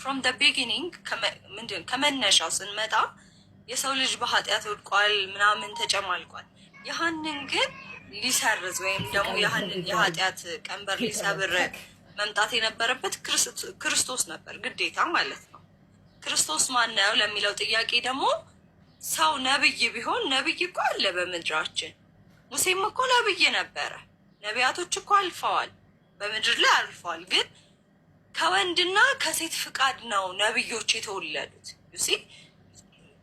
ፍሮም ደ ቢጊኒንግ ከመነሻው ስንመጣ የሰው ልጅ በኃጢአት ወድቋል፣ ምናምን ተጨማልቋል። ያህንን ግን ሊሰርዝ ወይም ደግሞ ያህንን የኃጢአት ቀንበር ሊሰብር መምጣት የነበረበት ክርስቶስ ነበር፣ ግዴታ ማለት ነው። ክርስቶስ ነው ለሚለው ጥያቄ ደግሞ ሰው ነብይ ቢሆን ነብይ እኮ አለ በምድራችን። ሙሴም እኮ ነብይ ነበረ። ነቢያቶች እኮ አልፈዋል፣ በምድር ላይ አልፈዋል ግን ከወንድና ከሴት ፍቃድ ነው ነብዮች የተወለዱት። ዩሲ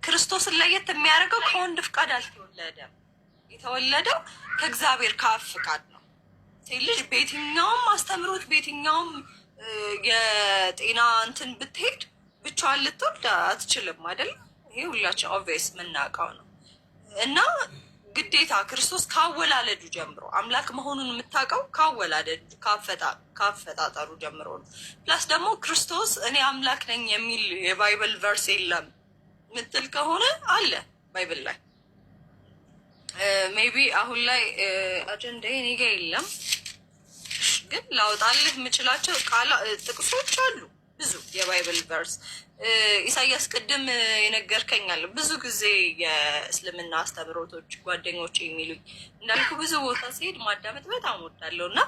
ክርስቶስን ለየት የሚያደርገው ከወንድ ፍቃድ አልተወለደም። የተወለደው ከእግዚአብሔር ከአብ ፍቃድ ነው። ሴት ልጅ በየትኛውም አስተምሮት በየትኛውም የጤና እንትን ብትሄድ ብቻዋን ልትወልድ አትችልም አይደለም። ይሄ ሁላችን ኦብቪየስ የምናውቀው ነው እና ግዴታ ክርስቶስ ካወላለዱ ጀምሮ አምላክ መሆኑን የምታውቀው ካወላለዱ ካፈጣጠሩ ጀምሮ ነው። ፕላስ ደግሞ ክርስቶስ እኔ አምላክ ነኝ የሚል የባይብል ቨርስ የለም ምትል ከሆነ አለ ባይብል ላይ ሜቢ አሁን ላይ አጀንዳ እኔ ጋ የለም፣ ግን ላውጣልህ የምችላቸው ጥቅሶች አሉ። ብዙ የባይብል ቨርስ ኢሳያስ ቅድም የነገርከኛል። ብዙ ጊዜ የእስልምና አስተምሮቶች ጓደኞች የሚሉኝ እንዳልኩ ብዙ ቦታ ሲሄድ ማዳመጥ በጣም ወዳለው እና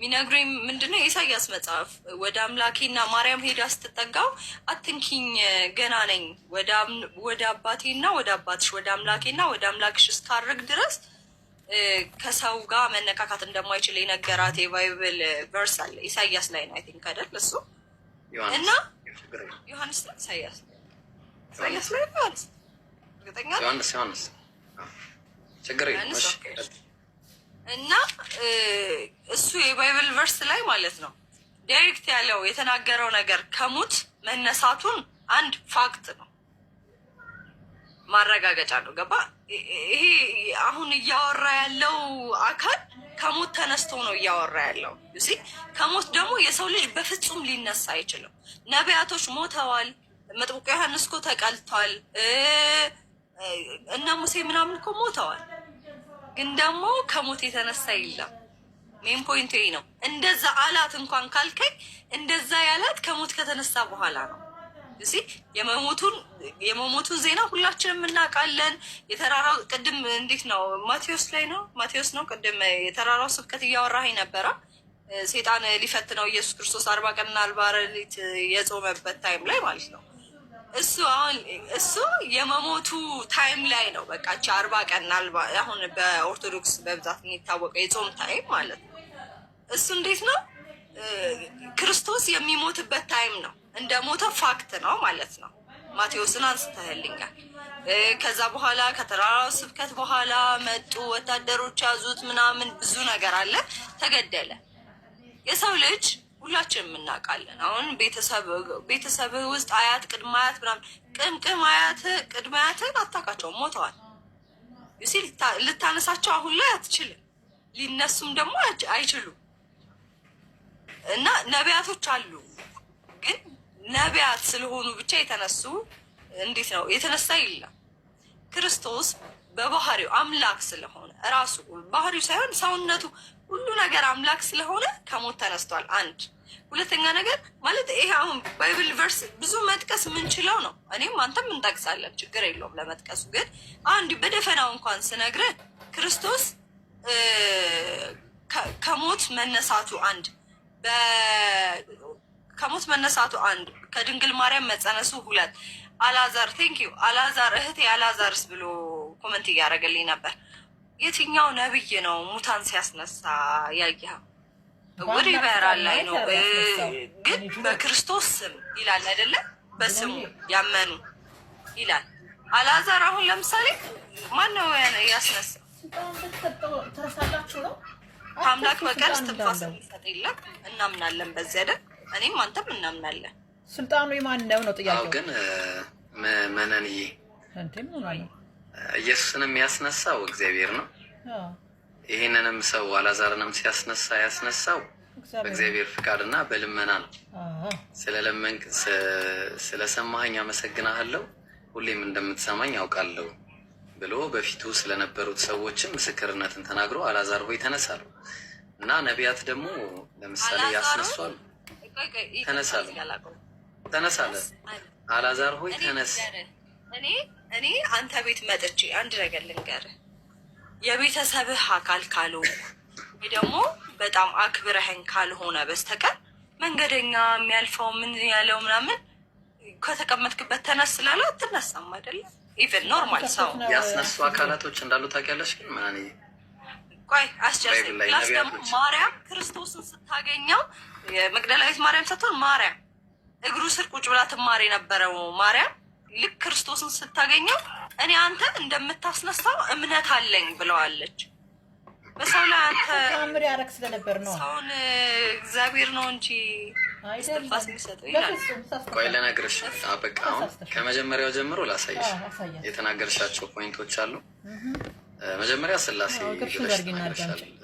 ሚነግሩኝ ምንድነው የኢሳያስ መጽሐፍ ወደ አምላኬና ማርያም ሄዳ ስትጠጋው አትንኪኝ ገና ነኝ ወደ አባቴና ወደ አባትሽ ወደ አምላኬና ወደ አምላክሽ እስካርግ ድረስ ከሰው ጋር መነካካት እንደማይችል የነገራት የባይብል ቨርስ አለ ኢሳያስ ላይ ነው። አይ ቲንክ አይደል እሱ እና እሱ የባይብል ቨርስ ላይ ማለት ነው ዳይሬክት ያለው የተናገረው ነገር ከሙት መነሳቱን አንድ ፋክት ነው፣ ማረጋገጫ ነው። ገባ? ይሄ አሁን እያወራ ያለው አካል ከሞት ተነስቶ ነው እያወራ ያለው። ከሞት ደግሞ የሰው ልጅ በፍጹም ሊነሳ አይችልም። ነቢያቶች ሞተዋል። መጥምቁ ዮሐንስ እኮ ተቀልቷል። እነ ሙሴ ምናምን እኮ ሞተዋል። ግን ደግሞ ከሞት የተነሳ የለም። ሜን ፖይንት ነው። እንደዛ አላት እንኳን ካልከኝ እንደዛ ያላት ከሞት ከተነሳ በኋላ ነው። እዚህ የመሞቱን ዜና ሁላችንም እናውቃለን። የተራራው ቅድም እንዴት ነው ማቴዎስ ላይ ነው ማቴዎስ ነው ቅድም የተራራው ስብከት እያወራኸኝ ነበረ። ሴጣን ሊፈት ነው ኢየሱስ ክርስቶስ አርባ ቀንና አርባ ሌሊት የጾመበት ታይም ላይ ማለት ነው። እሱ አሁን እሱ የመሞቱ ታይም ላይ ነው። በቃ አርባ ቀን አሁን በኦርቶዶክስ በብዛት የሚታወቀው የጾም ታይም ማለት ነው። እሱ እንዴት ነው ክርስቶስ የሚሞትበት ታይም ነው። እንደ ሞተ ፋክት ነው ማለት ነው። ማቴዎስን አንስተህልኛል። ከዛ በኋላ ከተራራው ስብከት በኋላ መጡ ወታደሮች ያዙት ምናምን ብዙ ነገር አለ፣ ተገደለ። የሰው ልጅ ሁላችንም እናውቃለን። አሁን ቤተሰብ ውስጥ አያት፣ ቅድመ አያት ምናምን ቅምቅም አያት፣ ቅድመ አያትን አታውቃቸውም፣ ሞተዋል። ዩሲ ልታነሳቸው አሁን ላይ አትችልም፣ ሊነሱም ደግሞ አይችሉም። እና ነቢያቶች አሉ ግን ነቢያት ስለሆኑ ብቻ የተነሱ እንዴት ነው የተነሳ የለም። ክርስቶስ በባህሪው አምላክ ስለሆነ ራሱ ባህሪው ሳይሆን ሰውነቱ ሁሉ ነገር አምላክ ስለሆነ ከሞት ተነስቷል። አንድ ሁለተኛ ነገር ማለት ይሄ አሁን ባይብል ቨርስ ብዙ መጥቀስ የምንችለው ነው። እኔም አንተም እንጠቅሳለን፣ ችግር የለውም ለመጥቀሱ። ግን አንድ በደፈናው እንኳን ስነግረ ክርስቶስ ከሞት መነሳቱ አንድ ከሞት መነሳቱ አንድ፣ ከድንግል ማርያም መጸነሱ ሁለት። አላዛር ዩ አላዛር እህቴ አላዛርስ ብሎ ኮመንት እያደረገልኝ ነበር። የትኛው ነብይ ነው ሙታን ሲያስነሳ ያየኸው? ወደ ይበራል ላይ ነው ግን በክርስቶስ ስም ይላል አይደለም፣ በስሙ ያመኑ ይላል። አላዛር አሁን ለምሳሌ ነው ያስነሳ? ከአምላክ በቀር እስትንፋስ የሚሰጥ የለም። እናምናለን በዚህ አይደል እኔም አንተም እናምናለን። ስልጣኑ የማን ነው ነው ጥያቄው። ግን መነንዬ ኢየሱስንም የሚያስነሳው እግዚአብሔር ነው። ይህንንም ሰው አላዛርንም ሲያስነሳ ያስነሳው በእግዚአብሔር ፍቃድ እና በልመና ነው። ስለለመንክ ስለሰማኸኝ አመሰግናሃለሁ፣ ሁሌም እንደምትሰማኝ ያውቃለሁ ብሎ በፊቱ ስለነበሩት ሰዎችም ምስክርነትን ተናግሮ አላዛር ሆይ ተነሳሉ እና ነቢያት ደግሞ ለምሳሌ ያስነሷል ተነሳለ አላዛር ሆይ ተነስ። እኔ እኔ አንተ ቤት መጥቼ አንድ ነገር ልንገርህ፣ የቤተሰብህ አካል ካልሆነ ወይ ደግሞ በጣም አክብረህን ካልሆነ በስተቀር መንገደኛ የሚያልፈው ምን ያለው ምናምን ከተቀመጥክበት ተነስ ስላለ አትነሳም አይደለም። ኢቨን ኖርማል ሰው ያስነሱ አካላቶች እንዳሉ ታውቂያለሽ ግን ቆይ አስጨርሰኝ። ፕላስ ደግሞ ማርያም ክርስቶስን ስታገኘው የመግደላዊት ማርያም ሳትሆን ማርያም እግሩ ስር ቁጭ ብላ ትማር የነበረው ማርያም ልክ ክርስቶስን ስታገኘው እኔ አንተ እንደምታስነሳው እምነት አለኝ ብለዋለች። በሰው ላይ አንተ ታምር ያረግ ስለነበር ነው ሰውን እግዚአብሔር ነው እንጂ ስትንፋስ የሚሰጠው ይላል። ቆይ ልነግርሽ፣ በቃ አሁን ከመጀመሪያው ጀምሮ ላሳይሽ የተናገርሻቸው ፖይንቶች አሉ መጀመሪያ ስላሴ ብለሽ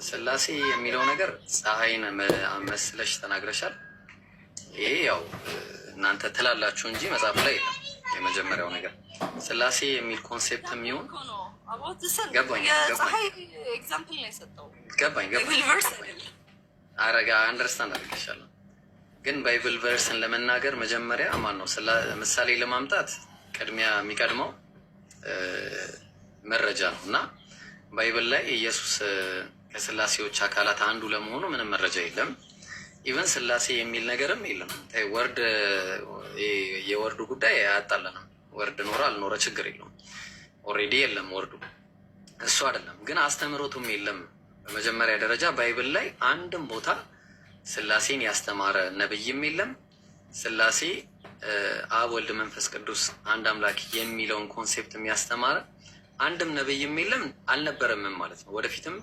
ስላሴ የሚለው ነገር ፀሐይን መስለሽ ተናግረሻል። ይሄ ያው እናንተ ትላላችሁ እንጂ መጽሐፍ ላይ የለም። የመጀመሪያው ነገር ስላሴ የሚል ኮንሴፕት የሚሆን ገባኝ ገባኝ አንደርስታንድ አድርጌሻለሁ። ግን ባይብል ቨርስን ለመናገር መጀመሪያ ማን ነው ምሳሌ ለማምጣት ቅድሚያ የሚቀድመው መረጃ ነው እና ባይብል ላይ ኢየሱስ ከስላሴዎች አካላት አንዱ ለመሆኑ ምንም መረጃ የለም። ኢቨን ስላሴ የሚል ነገርም የለም። ወርድ የወርዱ ጉዳይ አያጣለንም። ወርድ ኖረ አልኖረ ችግር የለውም። ኦሬዲ የለም ወርዱ እሱ አይደለም ግን አስተምሮቱም የለም። በመጀመሪያ ደረጃ ባይብል ላይ አንድም ቦታ ስላሴን ያስተማረ ነብይም የለም። ስላሴ አብ፣ ወልድ፣ መንፈስ ቅዱስ አንድ አምላክ የሚለውን ኮንሴፕት የሚያስተማረ አንድም ነብይም የለም አልነበረም ማለት ነው። ወደፊትም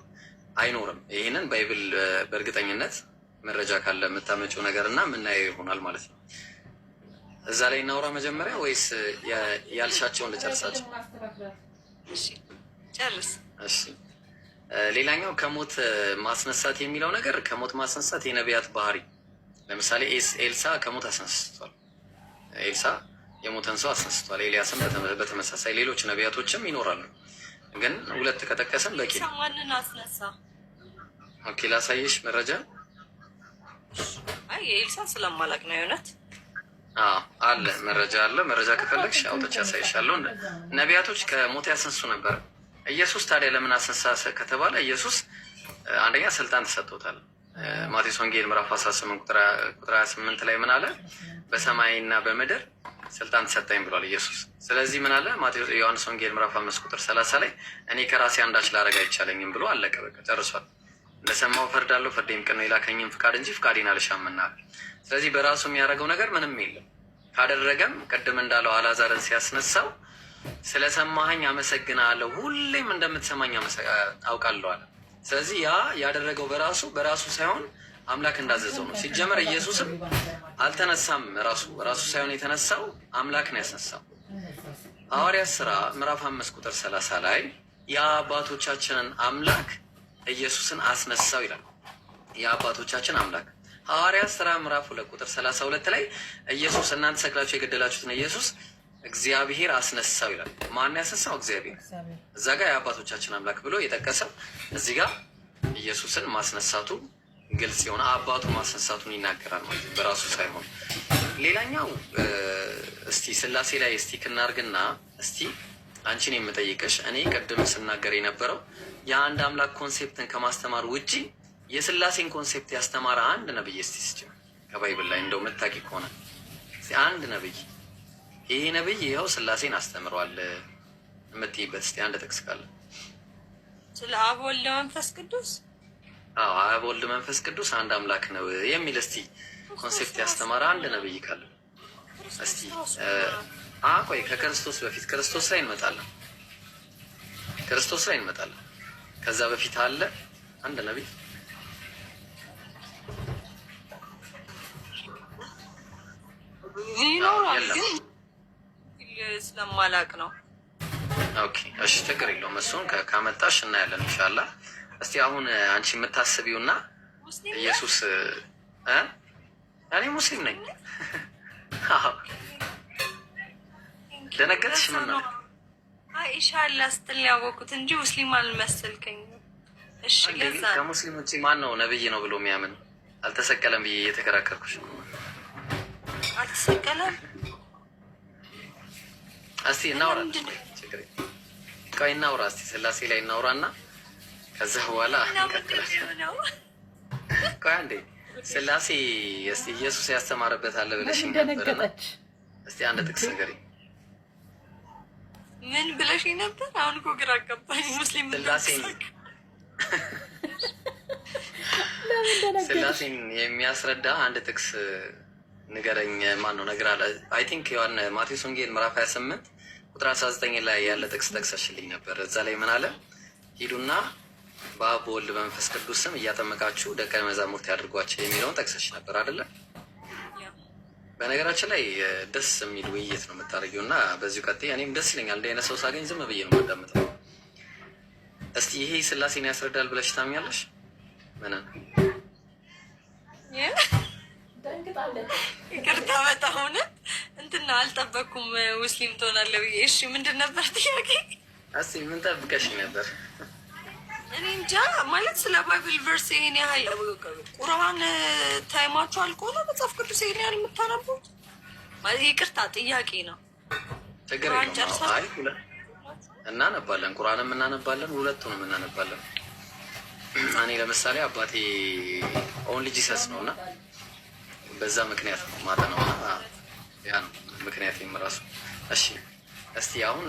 አይኖርም። ይህንን ባይብል በእርግጠኝነት መረጃ ካለ የምታመጪው ነገር እና የምናየው ይሆናል ማለት ነው። እዛ ላይ እናውራ መጀመሪያ ወይስ ያልሻቸውን ልጨርሳቸው? ጨርስ። ሌላኛው ከሞት ማስነሳት የሚለው ነገር ከሞት ማስነሳት የነቢያት ባህሪ፣ ለምሳሌ ኤልሳ ከሞት አስነስቷል። ኤልሳ የሞተን ሰው አሳስቷል። ኤልያስም በተመሳሳይ ሌሎች ነቢያቶችም ይኖራሉ። ግን ሁለት ከጠቀሰን በቂ ነው። ማንን አስነሳ? ኦኬ ላሳየሽ መረጃ። አይ ኤልሳ ስለማላቅ ነው የእውነት አለ መረጃ አለ። መረጃ ከፈለግሽ አውጥቼ ያሳይሻለሁ። ነቢያቶች ከሞት ያስነሱ ነበር። ኢየሱስ ታዲያ ለምን አስነሳሰ ከተባለ ኢየሱስ አንደኛ ስልጣን ተሰጥቶታል። ማቴዎስ ወንጌል ምዕራፍ አስራ ስምንት ቁጥር ሀያ ስምንት ላይ ምን አለ? በሰማይና በምድር ስልጣን ተሰጠኝ ብሏል ኢየሱስ። ስለዚህ ምን አለ ማቴዎስ ዮሐንስ ወንጌል ምዕራፍ አምስት ቁጥር ሰላሳ ላይ እኔ ከራሴ አንዳች ላደርግ አይቻለኝም ብሎ አለቀ፣ በቃ ጨርሷል። እንደሰማው ፈርዳለሁ፣ ፍርዴም ቅን ነው፣ የላከኝም ፍቃድ እንጂ ፍቃዴን አልሻምና። ስለዚህ በራሱ የሚያደርገው ነገር ምንም የለም። ካደረገም ቅድም እንዳለው አላዛርን ሲያስነሳው ስለሰማኸኝ አመሰግናለሁ፣ ሁሌም እንደምትሰማኝ አውቃለሁ አለ። ስለዚህ ያ ያደረገው በራሱ በራሱ ሳይሆን አምላክ እንዳዘዘው ነው። ሲጀመር ኢየሱስም አልተነሳም፣ ራሱ ራሱ ሳይሆን የተነሳው አምላክ ነው ያስነሳው። ሐዋርያት ስራ ምዕራፍ አምስት ቁጥር ሰላሳ ላይ የአባቶቻችንን አምላክ ኢየሱስን አስነሳው ይላል። የአባቶቻችን አምላክ ሐዋርያ ስራ ምዕራፍ ሁለት ቁጥር ሰላሳ ሁለት ላይ ኢየሱስ እናንተ ሰቅላችሁ የገደላችሁትን ኢየሱስ እግዚአብሔር አስነሳው ይላል። ማን ያስነሳው? እግዚአብሔር። እዛ ጋር የአባቶቻችን አምላክ ብሎ የጠቀሰው እዚህ ጋር ኢየሱስን ማስነሳቱ ግልጽ የሆነ አባቱ ማስነሳቱን ይናገራል ማለት በራሱ ሳይሆን። ሌላኛው እስቲ ስላሴ ላይ እስቲ ክናርግና እስቲ አንቺን የምጠይቅሽ እኔ ቅድም ስናገር የነበረው የአንድ አምላክ ኮንሴፕትን ከማስተማር ውጪ የስላሴን ኮንሴፕት ያስተማረ አንድ ነብይ እስቲ ስጭ ከባይብል ላይ እንደው መታቂ ከሆነ አንድ ነብይ ይሄ ነብይ ይኸው ስላሴን አስተምሯል የምትይበት እስቲ አንድ ጥቅስ ካለ ስለ አብ ወልድ መንፈስ ቅዱስ አዎ አብ ወልድ መንፈስ ቅዱስ አንድ አምላክ ነው የሚል እስቲ ኮንሴፕት ያስተማረ አንድ ነብይ ካለ እስቲ አቆይ። ከክርስቶስ በፊት ክርስቶስ ላይ እንመጣለን፣ ክርስቶስ ላይ እንመጣለን። ከዛ በፊት አለ አንድ ነብይ ይኖራል፣ ግን ስለማላቅ ነው። ኦኬ፣ እሺ፣ ችግር የለውም። እሱን ካመጣሽ እናያለን ኢንሻላህ። እስቲ አሁን አንቺ የምታስቢው እና ኢየሱስ እኔ ሙስሊም ነኝ ደነገጥሽ? ምን ነው ኢንሻላ ስትል ያወቁት እንጂ ሙስሊም አልመሰልከኝም። እሺ ከሙስሊም ውጭ ማን ነው ነብይ ነው ብሎ የሚያምን? አልተሰቀለም ብዬ እየተከራከርኩሽ። አልተሰቀለም እስቲ እናውራ፣ ቆይ እናውራ እስቲ ስላሴ ላይ እናውራ እና ከዛ በኋላ ቆይ ስላሴ እስቲ ኢየሱስ ያስተማረበት አለ ብለሽ ነበረች። እስቲ አንድ ጥቅስ ነገር ምን ብለሽ ነበር? አሁን እኮ ግራ አጋባኝ። ሙስሊም ስላሴን የሚያስረዳ አንድ ጥቅስ ንገረኝ። ማን ነው ነገር አለ። አይ ቲንክ ዮሐን ማቴዎስ ወንጌል ምዕራፍ 28 ቁጥር 19 ላይ ያለ ጥቅስ ጠቅሰሽልኝ ነበር። እዛ ላይ ምን አለ? ሂዱና በአብ ወልድ በመንፈስ ቅዱስ ስም እያጠመቃችሁ ደቀ መዛሙርት ያድርጓቸው የሚለውን ጠቅሰች ነበር አይደለም? በነገራችን ላይ ደስ የሚል ውይይት ነው የምታደርጊው እና በዚሁ ቀጤ እኔም ደስ ይለኛል እንደ አይነት ሰው ሳገኝ ዝም ብዬ ነው የማዳምጠው። እስቲ ይሄ ስላሴን ያስረዳል ብለሽ ታምኛለሽ? ምን ይቅርታ፣ በጣም እውነት እንትና አልጠበኩም። ሙስሊም ትሆናለህ ብዬ። እሺ ምንድን ነበር ጥያቄ? እስቲ ምን ጠብቀሽ ነበር? እኔ እንጃ ማለት ስለ ባይብል ቨርስ ይሄን ያህል ቁርአን ታይማችሁ አልቆነ መጽሐፍ ቅዱስ ይሄን ያህል የምታነቡት ማለት ይቅርታ ጥያቄ ነው። ችግር እናነባለን፣ ቁርአንም እናነባለን፣ ሁለቱንም እናነባለን። እኔ ለምሳሌ አባቴ ኦንሊ ጂሰስ ነው እና በዛ ምክንያት ነው ማለት ነው። ያ ነው ምክንያት የምራሱ። እሺ እስቲ አሁን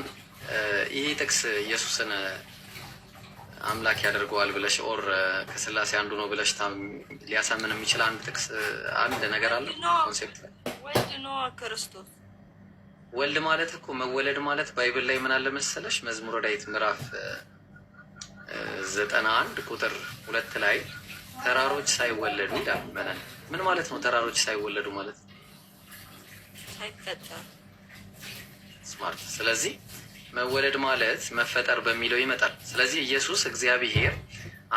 ይሄ ጥቅስ ኢየሱስን አምላክ ያደርገዋል ብለሽ ኦር ከስላሴ አንዱ ነው ብለሽ ሊያሳምን የሚችል አንድ ጥቅስ አንድ ነገር አለ። ኮንሴፕት ወልድ ነው ክርስቶስ ወልድ ማለት እኮ መወለድ ማለት ባይብል ላይ ምን አለ መሰለሽ መዝሙረ ዳዊት ምዕራፍ ዘጠና አንድ ቁጥር ሁለት ላይ ተራሮች ሳይወለዱ ይላል። ምን ማለት ነው ተራሮች ሳይወለዱ ማለት? ሳይፈጠሩ ስማርት። ስለዚህ መወለድ ማለት መፈጠር በሚለው ይመጣል። ስለዚህ ኢየሱስ እግዚአብሔር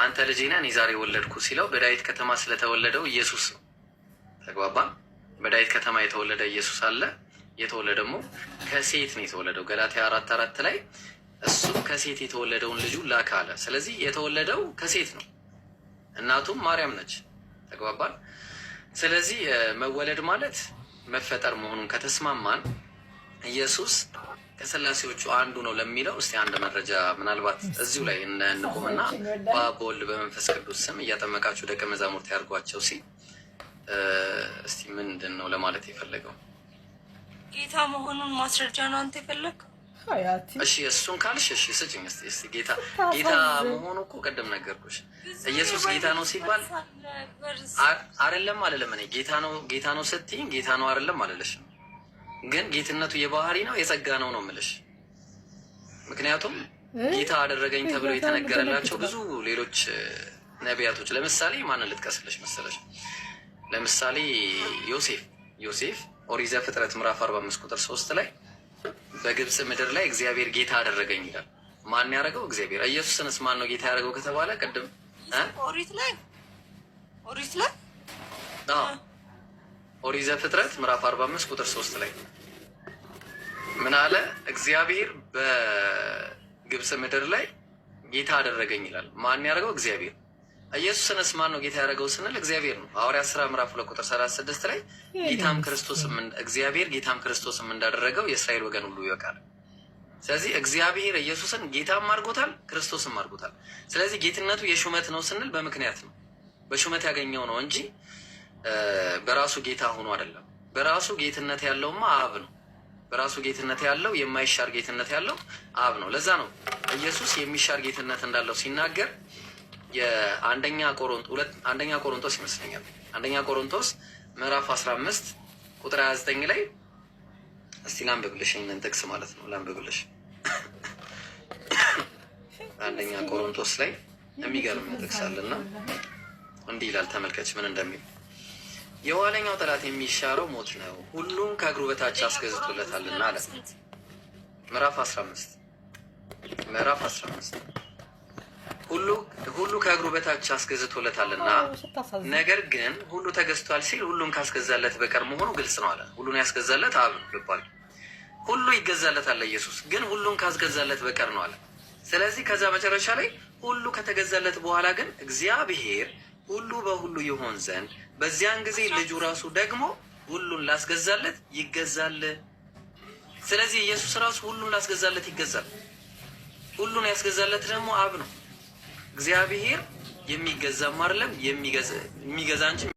አንተ ልጄ ነህ እኔ ዛሬ ወለድኩ ሲለው በዳዊት ከተማ ስለተወለደው ኢየሱስ ነው። ተግባባ። በዳዊት ከተማ የተወለደ ኢየሱስ አለ። የተወለደ ደግሞ ከሴት ነው የተወለደው። ገላትያ አራት አራት ላይ እሱም ከሴት የተወለደውን ልጁ ላከ አለ። ስለዚህ የተወለደው ከሴት ነው። እናቱም ማርያም ነች። ተግባባል። ስለዚህ መወለድ ማለት መፈጠር መሆኑን ከተስማማን ኢየሱስ ከስላሴዎቹ አንዱ ነው ለሚለው እስቲ አንድ መረጃ ምናልባት እዚሁ ላይ እንቁምና በአብ በወልድ በመንፈስ ቅዱስ ስም እያጠመቃችሁ ደቀ መዛሙርት ያድርጓቸው ሲል እስቲ ምንድን ነው ለማለት የፈለገው? ጌታ መሆኑን ማስረጃ ነው አንተ የፈለግ። እሺ እሱን ካልሽ እሺ ስጭኝ እስቲ። ጌታ ጌታ መሆኑ እኮ ቅድም ነገርኩሽ። ኢየሱስ ጌታ ነው ሲባል አይደለም አልልም እኔ ጌታ ነው ጌታ ነው ስትይኝ ጌታ ነው አይደለም አልልሽም ግን ጌትነቱ የባህሪ ነው የጸጋ ነው ነው የምልሽ። ምክንያቱም ጌታ አደረገኝ ተብሎ የተነገረላቸው ብዙ ሌሎች ነቢያቶች፣ ለምሳሌ ማንን ልጥቀስልሽ መሰለሽ? ለምሳሌ ዮሴፍ ዮሴፍ ኦሪት ዘፍጥረት ምዕራፍ 45 ቁጥር 3 ላይ በግብፅ ምድር ላይ እግዚአብሔር ጌታ አደረገኝ ይላል። ማን ያደረገው? እግዚአብሔር። ኢየሱስንስ ማን ነው ጌታ ያደረገው ከተባለ ቅድም ኦሪት ላይ ኦሪት ላይ ኦሪት ዘፍጥረት ምዕራፍ 45 ቁጥር 3 ላይ ምን አለ? እግዚአብሔር በግብፅ ምድር ላይ ጌታ አደረገኝ ይላል። ማን ያደረገው? እግዚአብሔር። ኢየሱስንስ ማን ነው ጌታ ያደረገው ስንል እግዚአብሔር ነው። ሐዋርያት ሥራ ምዕራፍ 2 ቁጥር 36 ላይ ጌታም ክርስቶስም እግዚአብሔር ጌታም ክርስቶስም እንዳደረገው የእስራኤል ወገን ሁሉ ይወቃል። ስለዚህ እግዚአብሔር ኢየሱስን ጌታም አድርጎታል፣ ክርስቶስም አድርጎታል። ስለዚህ ጌትነቱ የሹመት ነው ስንል በምክንያት ነው፣ በሹመት ያገኘው ነው እንጂ በራሱ ጌታ ሆኖ አይደለም። በራሱ ጌትነት ያለውማ አብ ነው። በራሱ ጌትነት ያለው የማይሻር ጌትነት ያለው አብ ነው። ለዛ ነው ኢየሱስ የሚሻር ጌትነት እንዳለው ሲናገር የአንደኛ ቆሮንቶስ አንደኛ ቆሮንቶስ ይመስለኛል አንደኛ ቆሮንቶስ ምዕራፍ 15 ቁጥር 29 ላይ እስቲ ላንብብልሽ ይህንን ጥቅስ ማለት ነው ላንብብልሽ አንደኛ ቆሮንቶስ ላይ የሚገርም ጥቅስ አለና እንዲህ ይላል ተመልከች ምን እንደሚል የዋለኛው ጠላት የሚሻረው ሞት ነው፣ ሁሉም ከእግሩ በታች አስገዝቶለታልና አለ። ምዕራፍ 15 ምዕራፍ 15 ሁሉ ሁሉ ከእግሩ በታች አስገዝቶለታልና ነገር ግን ሁሉ ተገዝቷል ሲል ሁሉን ካስገዛለት በቀር መሆኑ ግልጽ ነው አለ። ሁሉን ያስገዛለት አብ ልባል ሁሉ አለ ኢየሱስ ግን ሁሉን ካስገዛለት በቀር ነው አለ። ስለዚህ ከዛ መጨረሻ ላይ ሁሉ ከተገዛለት በኋላ ግን እግዚአብሔር ሁሉ በሁሉ ይሆን ዘንድ በዚያን ጊዜ ልጁ ራሱ ደግሞ ሁሉን ላስገዛለት ይገዛል። ስለዚህ ኢየሱስ ራሱ ሁሉን ላስገዛለት ይገዛል። ሁሉን ያስገዛለት ደግሞ አብ ነው። እግዚአብሔር የሚገዛም አይደለም የሚገዛ እንጂ